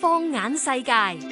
放眼世界。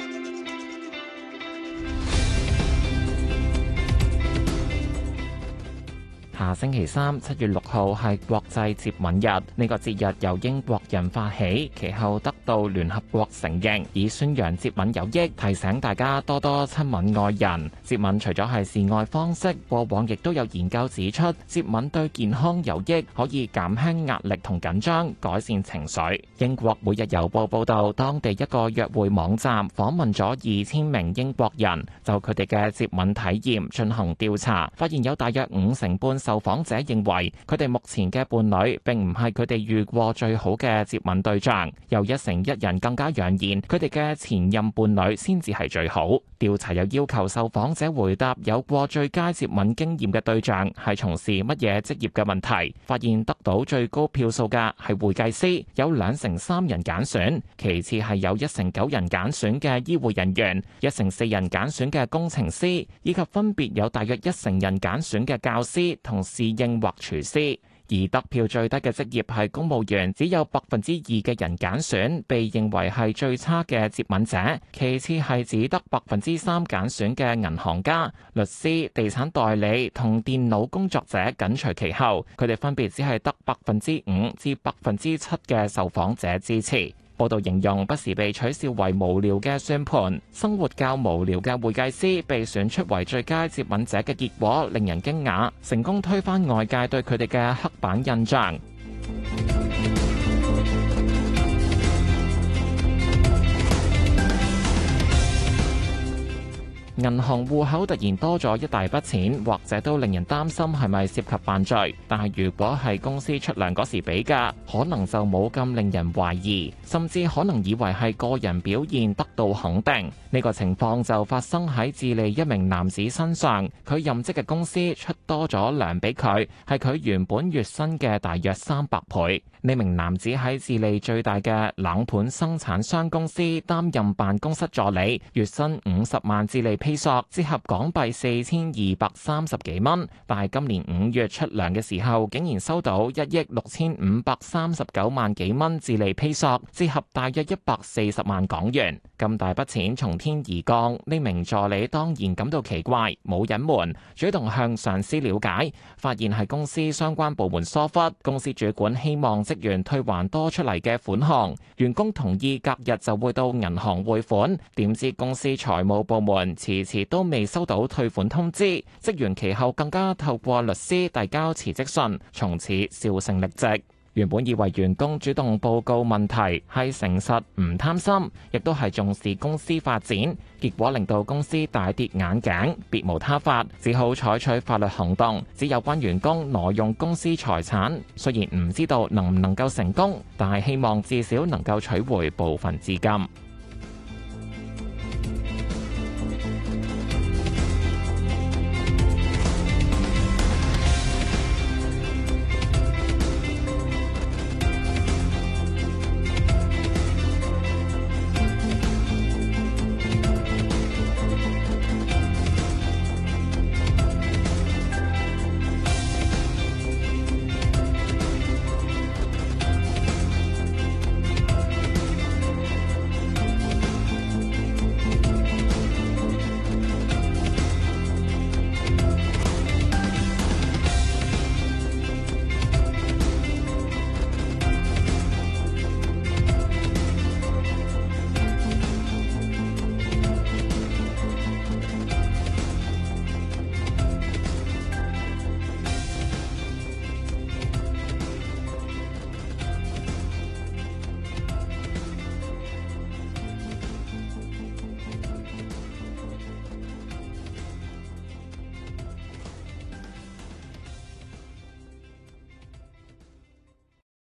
下星期三七月六號係國際接吻日，呢個節日由英國人發起，其後得到聯合國承認，以宣揚接吻有益，提醒大家多多親吻愛人。接吻除咗係示愛方式，過往亦都有研究指出，接吻對健康有益，可以減輕壓力同緊張，改善情緒。英國每日郵報報道，當地一個約會網站訪問咗二千名英國人，就佢哋嘅接吻體驗進行調查，發現有大約五成半。受訪者認為，佢哋目前嘅伴侶並唔係佢哋遇過最好嘅接吻對象，有一成一人更加揚言，佢哋嘅前任伴侶先至係最好。調查又要求受訪者回答有過最佳接吻經驗嘅對象係從事乜嘢職業嘅問題，發現得到最高票數嘅係會計師，有兩成三人揀選，其次係有一成九人揀選嘅醫護人員，一成四人揀選嘅工程師，以及分別有大約一成人揀選嘅教師同。侍應或廚師，而得票最低嘅職業係公務員，只有百分之二嘅人揀選，被認為係最差嘅接吻者，其次係只得百分之三揀選嘅銀行家、律師、地產代理同電腦工作者緊隨其後，佢哋分別只係得百分之五至百分之七嘅受訪者支持。報道形容不時被取笑為「無聊嘅宣判」，生活較無聊嘅會計師被選出為最佳接吻者嘅結果，令人驚訝，成功推翻外界對佢哋嘅黑板印象。銀行戶口突然多咗一大筆錢，或者都令人擔心係咪涉及犯罪。但係如果係公司出糧嗰時俾㗎，可能就冇咁令人懷疑，甚至可能以為係個人表現得到肯定。呢個情況就發生喺智利一名男子身上。佢任職嘅公司出多咗糧俾佢，係佢原本月薪嘅大約三百倍。呢名男子喺智利最大嘅冷盤生產商公司擔任辦公室助理，月薪五十萬智利披 p e 折合港幣四千二百三十幾蚊，但係今年五月出糧嘅時候，竟然收到一億六千五百三十九萬幾蚊智利 p 索折合大約一百四十萬港元。咁大筆錢從天而降，呢名助理當然感到奇怪，冇隱瞞，主動向上司了解，發現係公司相關部門疏忽。公司主管希望職員退還多出嚟嘅款項，員工同意隔日就會到銀行匯款，點知公司財務部門遲遲遲都未收到退款通知。職員其後更加透過律師遞交辭職信，從此銷聲匿跡。原本以為員工主動報告問題係誠實，唔貪心，亦都係重視公司發展，結果令到公司大跌眼鏡，別無他法，只好採取法律行動，指有關員工挪用公司財產。雖然唔知道能唔能夠成功，但係希望至少能夠取回部分資金。